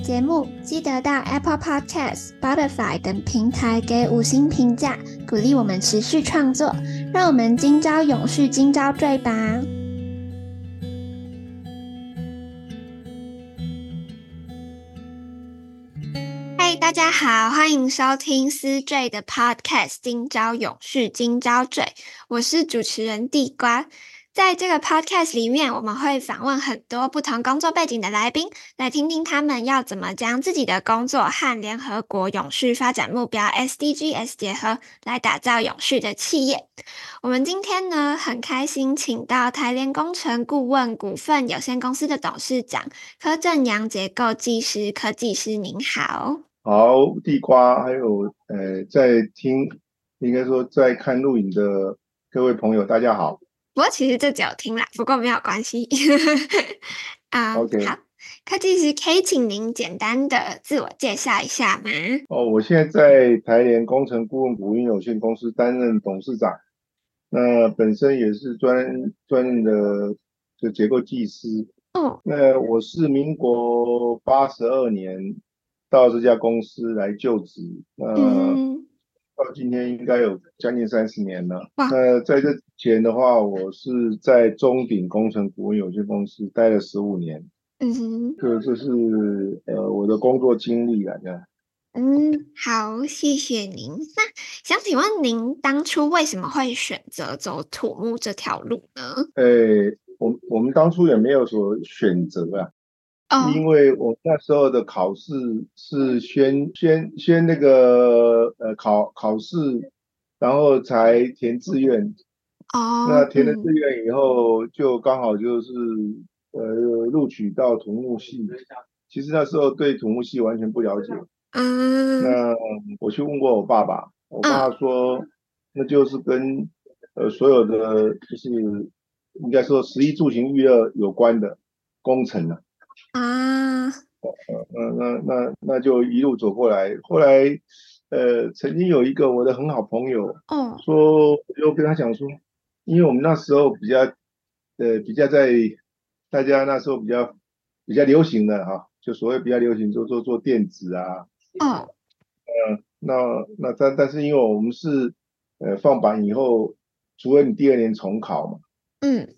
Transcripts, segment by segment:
節目記得到 Apple Podcast、Spotify 等平台給五星評價，鼓勵我們持續創作。讓我們今朝永續，今朝綴吧！嗨、hey，大家好，歡迎收聽思綴的 Podcast，《今朝永續，今朝綴》，我是主持人地瓜。在這個 podcast 裡面，我們會訪問很多不同工作背景的來賓，來聽聽他們要怎麼將自己的工作和聯合國永續發展目標 SDGs 結合，來打造永續的企業。我們今天呢，很開心請到台聯工程顧問股份有限公司的董事長柯鎮洋結構技師、柯技師，您好。好，地瓜，還有呃，在聽，應該說在看錄影的各位朋友，大家好。不過其實這就聽了，不過沒有關係。啊、 uh,，okay. 好，柯技師，可以請您簡單的自我介紹一下嗎。哦、oh,，我現在在台聯工程顧問股份有限公司擔任董事長，那本身也是專專任的就結構技師。哦、oh.，那我是民國八十二年到這家公司來就職。嗯、mm -hmm. 呃。到今天應該有將近三十年了。那、呃、在這之前的話，我是在中鼎工程股份有限公司待了十五年。嗯哼，這這是，是呃我的工作經歷啊，這嗯，好，謝謝您。那想請問您當初為什麼會選擇走土木這條路呢？誒、欸，我我們當初也沒有說選擇啊。因為我那時候的考試是先、oh. 先先那個呃考考試，然後才填志願。哦、oh.。那填了志願以後，就剛好就是、oh. 呃錄取到土木系。其實那時候對土木系完全不了解。Um. 那我去問過我爸爸，我爸說、uh. 那就是跟呃所有的就是應該說食衣住行育樂有關的工程了、啊。啊，那那那那就一路走過來，後來，呃曾經有一個我的很好朋友，哦，說我就跟他講說，因為我們那時候比較，呃比較在大家那時候比較比較流行的哈、啊，就所謂比較流行做做做電子啊，嗯、哦呃，那那但但是因為我們是呃放榜以後，除非你第二年重考嘛，嗯。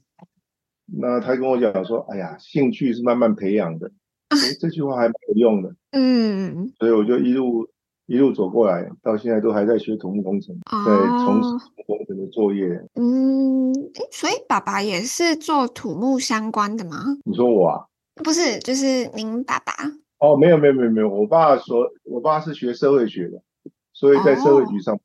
那他跟我講說：“哎呀，興趣是慢慢培養的。啊”哎，這句話還蠻有用的。嗯，所以我就一路一路走過來，到現在都還在學土木工程。哦、在從事土木工程的作業。嗯，誒，所以爸爸也是做土木相關的嗎？你說我啊？不是，就是您爸爸。哦，沒有，沒有，沒有，沒有。我爸說，我爸是學社會學的，所以在社會局上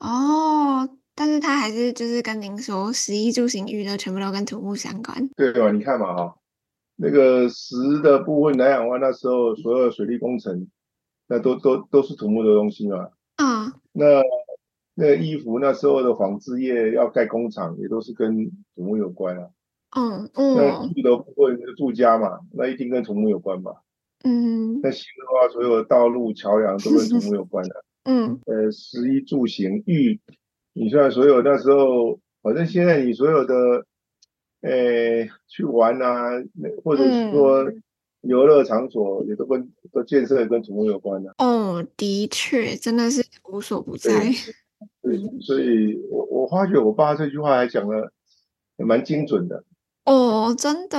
班。哦。哦。但是他還是就是跟您說，食衣住行育呢，全部都跟土木相關，對吧？你看嘛，哦，哈，那個食的部分，南港灣那時候所有的水利工程，那都都都是土木的東西嘛。嗯。那那衣服那時候的紡織業要蓋工廠，也都是跟土木有關啊。嗯嗯。那住的部分是住家嘛，那一定跟土木有關吧？嗯。那行的話，所有的道路橋樑都跟土木有關的，啊。嗯。呃，食衣住行育。你現在所有那時候，反正現在你所有的，呃、欸、去玩啊，或者是說遊樂場所，也都跟都建設跟土木有關的、啊。哦，的確，真的是無所不在。對，對所以我我發覺我爸這句話還講得，蠻精準的。哦，真的。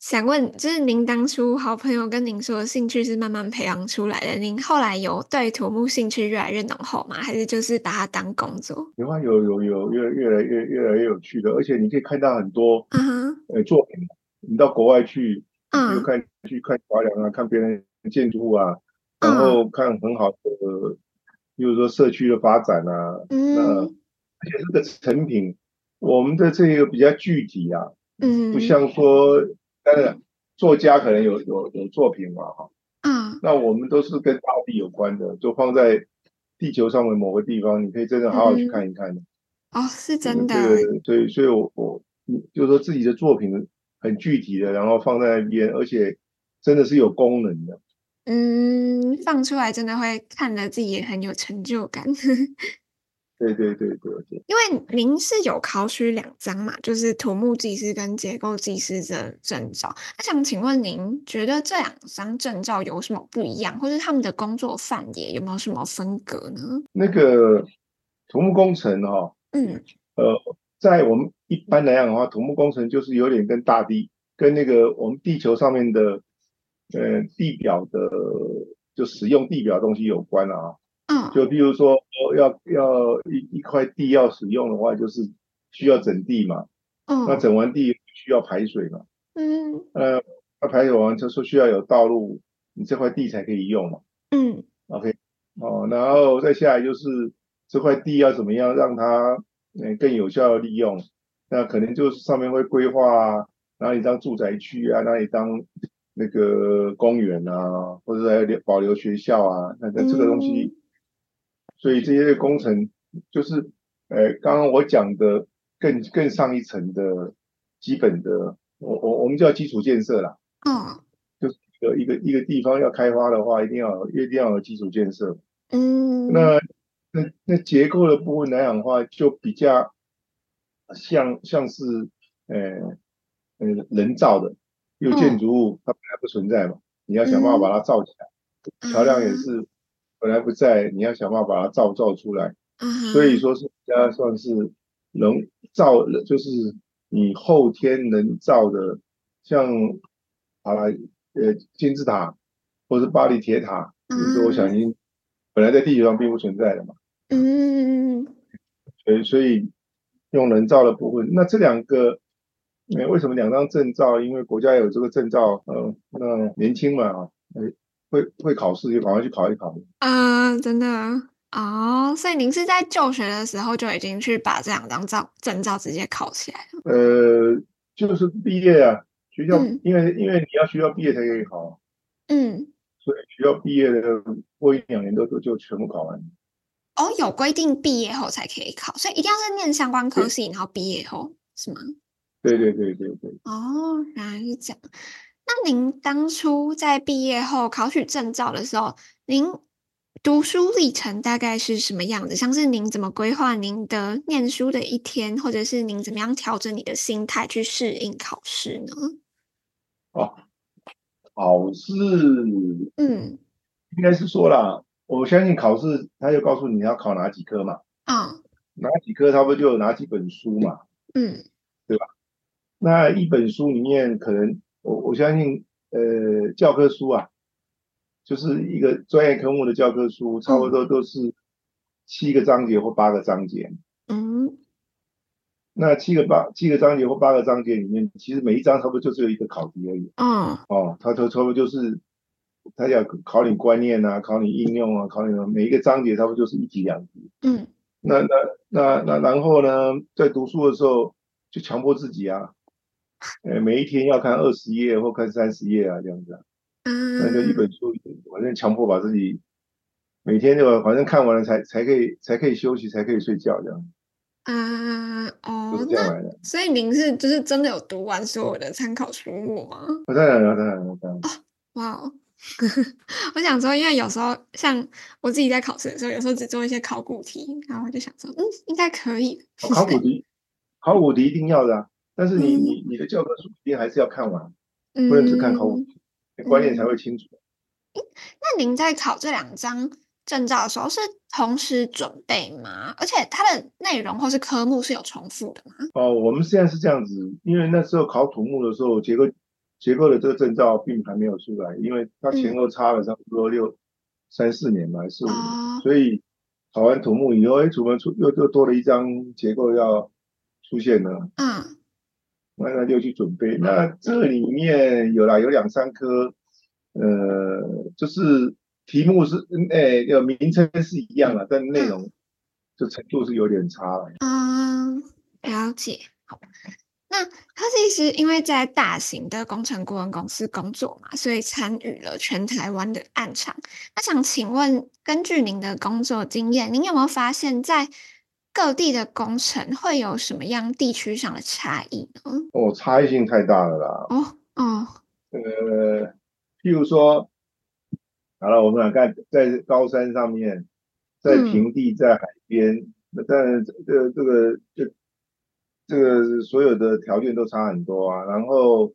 想問，就是您當初好朋友跟您說興趣是慢慢培養出來的，您後來有對土木興趣越來越濃厚嗎？還是就是把它當工作？有啊，有有有越越來越越來越，越來越有趣的，而且你可以看到很多呃、uh -huh. 作品。你到國外去、uh -huh. 有看去看橋樑啊，看別人的建築物啊，uh -huh. 然後看很好的，比如說社區的發展啊，uh -huh. 那而且這個成品，我們的這個比較具體啊，嗯、uh -huh.，不像說。但是作家可能有有有作品嘛，哈，嗯，那我們都是跟大地有關的，就放在地球上的某個地方，你可以真的好好去看一看。嗯。哦，是真的。嗯，對，對，所以我我就說自己的作品很具體的，然後放在那邊，而且真的是有功能的。嗯，放出來真的會看了自己也很有成就感。 對對對對，對，對，因為您是有考取兩張嘛，就是土木技師跟結構技師的證照。那想請問您，覺得這兩張證照有什麼不一樣，或是他們的工作範圍有沒有什麼分隔？呢？那個土木工程哦，嗯，呃，在我們一般來講的話，土木工程就是有點跟大地、跟那個我們地球上面的，呃地表的就使用地表的東西有關啊。嗯，就比如說要要一一塊地要使用的話，就是需要整地嘛。嗯、哦，那整完地需要排水嘛。嗯，呃，那排水完就說需要有道路，你這塊地才可以用嘛。嗯，OK，哦，然後再下來就是這塊地要怎麼樣讓它嗯、呃、更有效的利用，那可能就是上面會規劃啊，哪裡當住宅區啊，哪裡當那個公園啊，或者還保留學校啊，那那個、這個東西、嗯。所以這些工程就是，呃，剛剛我講的更更上一層的基本的，我我我們叫基礎建設啦。嗯。就是一個一個一個地方要開發的話一，一定要一定要有基礎建設。嗯。那那那結構的部分來講的話，就比較像像是呃，呃，人造的，有建築物它本來不存在嘛。嗯，你要想辦法把它造起來。橋梁、嗯、也是。本來不在，你要想辦法把它造造出來。Uh -huh. 所以說是人家算是能造，就是你後天能造的，像，好了，呃，金字塔，或是巴黎鐵塔。Uh -huh. 就是說我想一，本來在地球上並不存在的嘛。嗯嗯嗯，所以所以用人造的部分。那這兩個，那、欸、為什麼兩張證照？因為國家有這個證照，呃，那年輕嘛、欸會會考試就趕快去考一考。嗯、呃，真的啊、哦，所以您是在就學的時候就已經去把這兩張照證照直接考起來了。呃，就是畢業啊，學校、嗯、因為因為你要學校畢業才可以考。嗯。所以學校畢業的過一兩年多就就全部考完。哦，有規定畢業後才可以考，所以一定要是念相關科系，然後畢業後是嗎？對，對對對對對。哦，原來是這那您當初在畢業後考取證照的時候，您讀書歷程大概是什麼樣子？像是您怎麼規劃您的念書的一天，或者是您怎麼樣調整你的心態去適應考試呢？哦，考試，嗯，應該是說啦，我相信考試它就告訴你要考哪幾科嘛，嗯，哪幾科它不就有哪幾本書嘛，嗯，對吧？那一本書裡面可能。我我相信，呃，教科書啊，就是一個專業科目的教科書，差不多都是七個章節或八個章節。嗯。那七個八七個章節或八個章節裡面，其實每一章差不多就只有一個考題而已。嗯。哦，它都差不多就是，它要考你觀念啊，考你應用啊，考你每一個章節差不多就是一題兩題。嗯。那那那那然後呢，在讀書的時候就強迫自己啊。呃，每一天要看二十頁或看三十頁啊，這樣子，啊，uh, 那就一本書一本，反正強迫把自己每天就反正看完了才才可以才可以休息才可以睡覺這樣。啊，哦，這樣來的。所以您是就是真的有讀完所有的參考書目嗎？對、哦、啊，對啊，對啊。哇，oh, wow. 我想說，因為有時候像我自己在考試的時候，有時候只做一些考古題，然後我就想說，嗯，應該可以。哦、考古題，考古題一定要的、啊。但是你你、嗯、你的教科書一定還是要看完，嗯、不能只看考古題、嗯嗯，觀念才會清楚。嗯、那您在考這兩張證照的時候是同時準備嗎？而且它的內容或是科目是有重複的嗎？哦，我們現在是這樣子，因為那時候考土木的時候，結構結構的這個證照並還沒有出來，因為它前後差了差不多六、嗯、三四年吧，還是五年、哦，所以考完土木以後，哎、欸，土門出又又多了一張結構要出現呢嗯。那他就去準備，那這裡面有啦，有兩三科，呃，就是題目是，哎、欸，有名稱是一樣啊、嗯，但內容就程度是有點差了、嗯。嗯，了解。那他其實因為在大型的工程顧問公司工作嘛，所以參與了全台灣的案場。那想請問，根據您的工作經驗，您有沒有發現，在？各地的工程會有什麼樣地區上的差異呢？哦，差異性太大了啦。哦哦，這個、呃，譬如說，好了，我們來看，在高山上面，在平地，在海邊，那當這這個這個、這個所有的條件都差很多啊。然後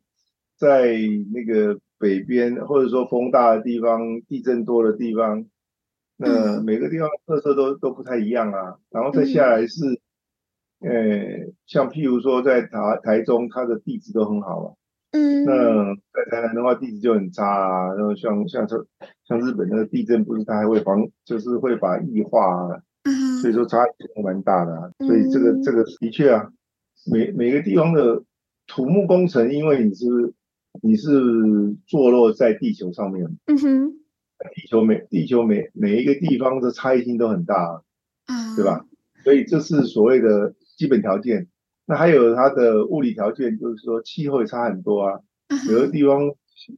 在那個北邊，或者說風大的地方、地震多的地方。那每個地方特色都、嗯、都不太一樣啊，然後再下來是，呃、嗯欸，像譬如說在台台中，它的地質都很好啊，嗯，那在台南的話，地質就很差啊。然後像像像像日本那個地震，不是它還會防，就是會把液化啊，啊、嗯，所以說差異蠻大的。啊，所以這個這個的確啊，每每個地方的土木工程，因為你是你是坐落在地球上面，嗯哼。地球每地球每每一個地方的差異性都很大，uh -huh. 對吧？所以這是所謂的基本條件。那還有它的物理條件，就是說氣候也差很多啊。有的，uh-huh，地方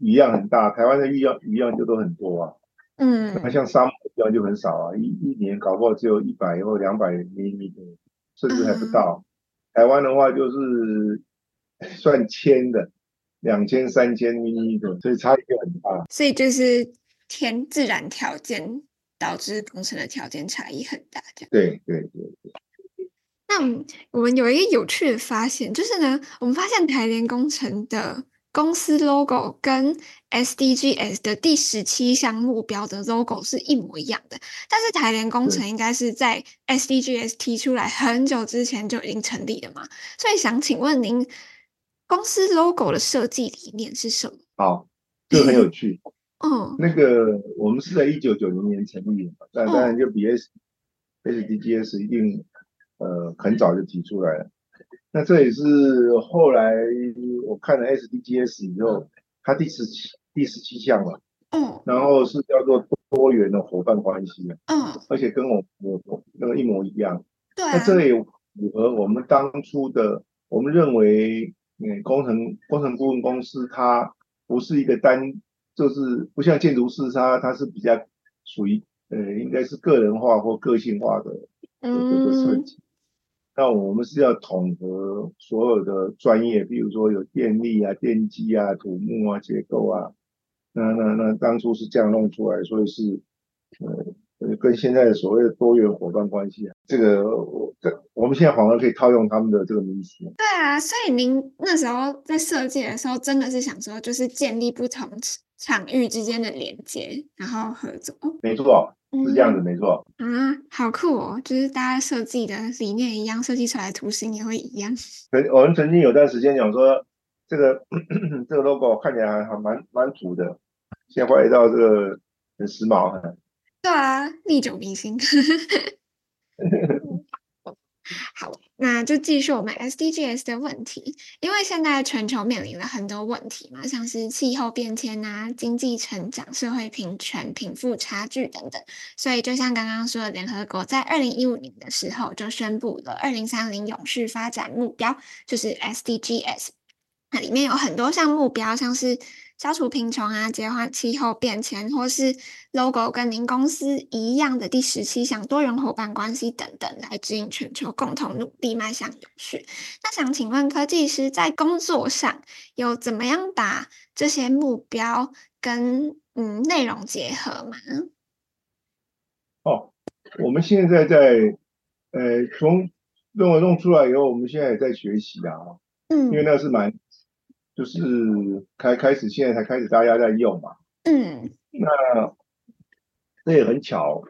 雨量很大，台灣的雨量雨量就都很多啊。嗯，那像沙漠地方就很少啊，一一年搞不好只有一百或兩百毫米，甚至還不到。Uh -huh. 台灣的話就是算千的，兩千、三千毫米的，所以差異就很大。所以就是。天自然條件導致工程的條件差異很大，這樣。對對對，對，對。那我們，我們有一個有趣的發現，就是呢，我們發現台聯工程的公司 logo 跟 SDGs 的第十七項目標的 logo 是一模一樣的。但是台聯工程應該是在 SDGs 提出來很久之前就已經成立了嘛？所以想請問您，公司 logo 的設計理念是什麼？哦，就很有趣。 嗯，那個我們是在一九九零年成立的，但當然就比 S S D G S 一定呃很早就提出來了。那這也是後來我看了 S D G S 以後，嗯，它第十七第十七項嘛，嗯，然後是叫做多元的夥伴關係，嗯，而且跟我我那個一模一樣。對，嗯，那這也符合我們當初的，我們認為，嗯，工程工程顧問公司它不是一個單。就是不像建築師他他是比較屬於呃應該是個人化或個性化的嗯，設計，那我們是要統合所有的專業，比如說有電力啊、電機啊、土木啊、結構啊，那那那當初是這樣弄出來，所以是呃跟現在的所謂的多元夥伴關係，啊。這個我這我們現在反而可以套用他們的這個名詞。對啊，所以您那時候在設計的時候，真的是想說就是建立不同。場域之間的連接，然後合作，沒錯，是這樣子，嗯、沒錯。啊、嗯嗯，好酷哦！就是大家設計的理念一樣，設計出來的圖形也會一樣。曾我們曾經有段時間想說，這個咳咳這個 logo 看起來還蠻蠻土的，先回到這個很時髦，很對啊，歷久彌新。 好，那就繼續我們 SDGs 的問題，因為現在全球面臨了很多問題嘛，像是氣候變遷啊、經濟成長、社會平權、貧富差距等等。所以，就像剛剛說的，聯合國在二零一五年的時候就宣布了二零三零永續發展目標，就是 SDGs。那裡面有很多項目標，像是。消除貧窮啊，減緩氣候變遷，或是 logo 跟您公司一樣的第十七項多元夥伴關係等等，來指引全球共同努力邁向永續。那想請問柯技師，在工作上有怎麼樣把這些目標跟嗯，內容結合嗎？哦，我們現在在呃，從論文弄出來以後，我們現在也在學習啊。嗯，因為那是蠻。就是開開始，現在才開始，大家在用嘛。嗯。那這也很巧，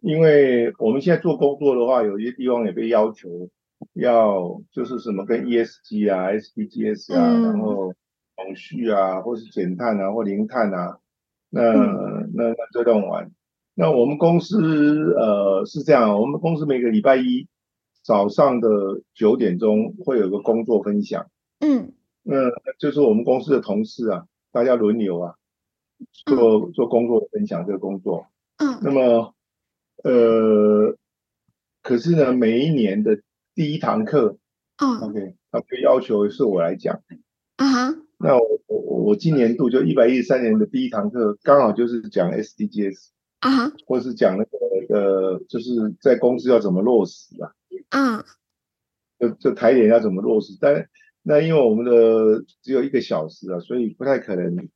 因為我們現在做工作的話，有一些地方也被要求要就是什麼跟 ESG 啊、SDGs 啊、嗯，然後永續啊，或是減碳啊，或零碳啊。那、嗯、那那，那這段完，那我們公司呃是這樣，我們公司每個禮拜一早上的九點鐘會有個工作分享。嗯。嗯，就是我們公司的同事啊，大家輪流啊做做工作分享這個工作。嗯。那麼，呃，可是呢，每一年的第一堂課，嗯，OK，他被要求是我來講。啊、嗯、哈、嗯。那我我我今年度就一百一十三年的第一堂課，剛好就是講 SDGs，嗯。啊、嗯、哈。或是講那個呃，就是在公司要怎麼落實啊。嗯。就就台聯要怎麼落實，但。那因為我們的只有一個小時啊，所以不太可能。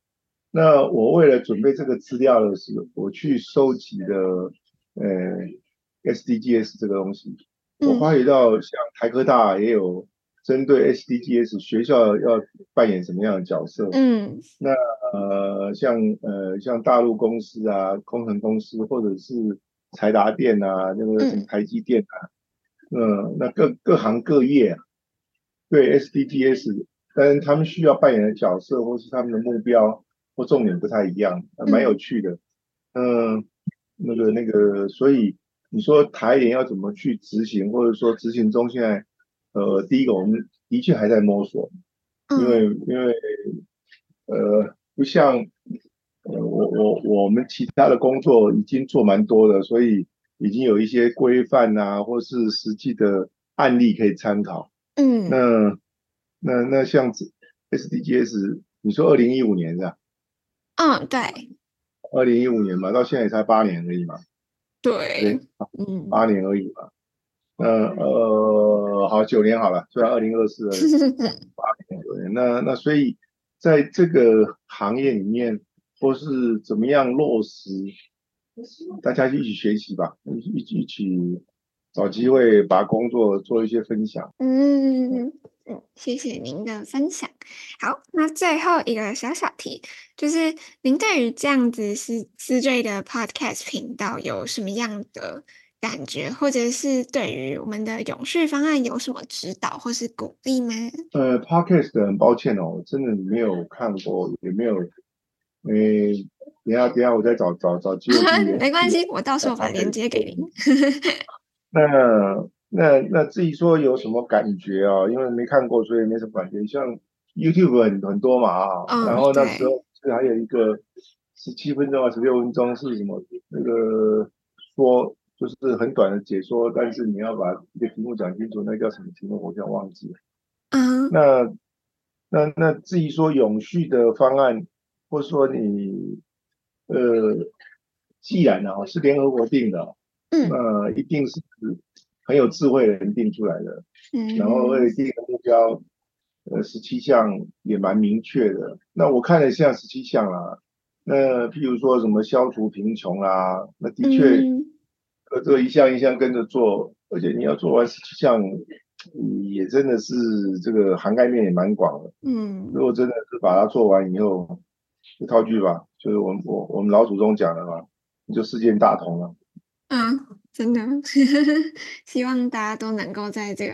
那我為了準備這個資料的時候，我去收集了呃、欸、SDGs 這個東西，我發覺到像台科大也有針對 SDGs 學校要扮演什麼樣的角色。嗯。那呃像呃像大陸公司啊，工程公司或者是財達電啊，那個什麼台積電啊，嗯，呃、那各各行各業啊。對，SDGs，但是他們需要扮演的角色，或是他們的目標或重點不太一樣，蠻有趣的。嗯、呃，那個那個，所以你說台聯要怎麼去執行，或者說執行中現在，呃，第一個我們的確還在摸索，因為因為呃不像呃我我我們其他的工作已經做蠻多的，所以已經有一些規範啊，或是實際的案例可以參考。嗯，那那那像 SDGs，你說二零一五年是吧？嗯，對。二零一五年嘛，到現在也才八年而已嘛。對。嗯，八年而已嘛。呃、嗯、呃，好，九年好了，就要二零二四八年。對，那那所以在這個行業裡面，或是怎麼樣落實，大家一起學習吧，一起，一起找機會把工作做一些分享。嗯嗯，謝謝您的分享。好，那最後一個小小題，就是您對於這樣子思綴的 Podcast 頻道有什麼樣的感覺，或者是對於我們的永續方案有什麼指導或是鼓勵嗎？呃，Podcast 很抱歉哦，我真的沒有看過，也沒有。哎、欸，等一下，等一下，我再找找找機會。找 GV, 沒關係，我到時候把鏈接給您。 那那那至於說有什麼感覺啊？因為沒看過，所以沒什麼感覺。像 YouTube 很很多嘛啊，oh, 然後那時候還有一個十七分鐘啊，十六分鐘是什麼？那個說就是很短的解說，但是你要把這個題目講清楚，那個、叫什麼題目？我就忘記了。Uh -huh. 那那那至於說永續的方案，或者說你呃，既然啊是聯合國定的、啊。那、嗯、一定是很有智慧的人定出來的，嗯，然後第一個目標，呃，十七項也蠻明確的。那我看了一下十七項啦、啊，那譬如說什麼消除貧窮啦、啊，那的確，呃、嗯，這一項一項跟着做，而且你要做完十七項，也真的是這個涵蓋面也蠻廣的，嗯，如果真的是把它做完以後，就套句吧，就是我們我我們老祖宗講的嘛，你就世界大同了。嗯，真的， 希望大家都能夠在這個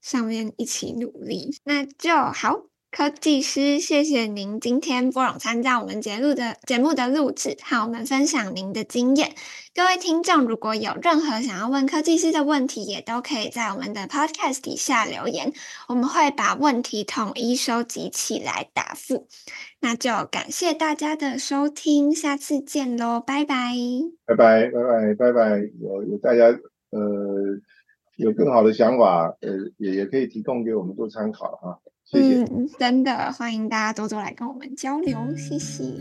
上面一起努力，那就好。柯技師，謝謝您今天撥冗參加我們節目的、的節目的錄製，和我們分享您的經驗。各位聽眾，如果有任何想要問柯技師的問題，也都可以在我們的 Podcast 底下留言，我們會把問題統一收集起來答覆那就感謝大家的收聽，下次見嘍，拜拜，拜拜，拜拜，拜拜。有有大家呃有更好的想法，呃，也也可以提供給我們做參考、啊嗯謝謝，真的，歡迎大家多多來跟我們交流，謝謝。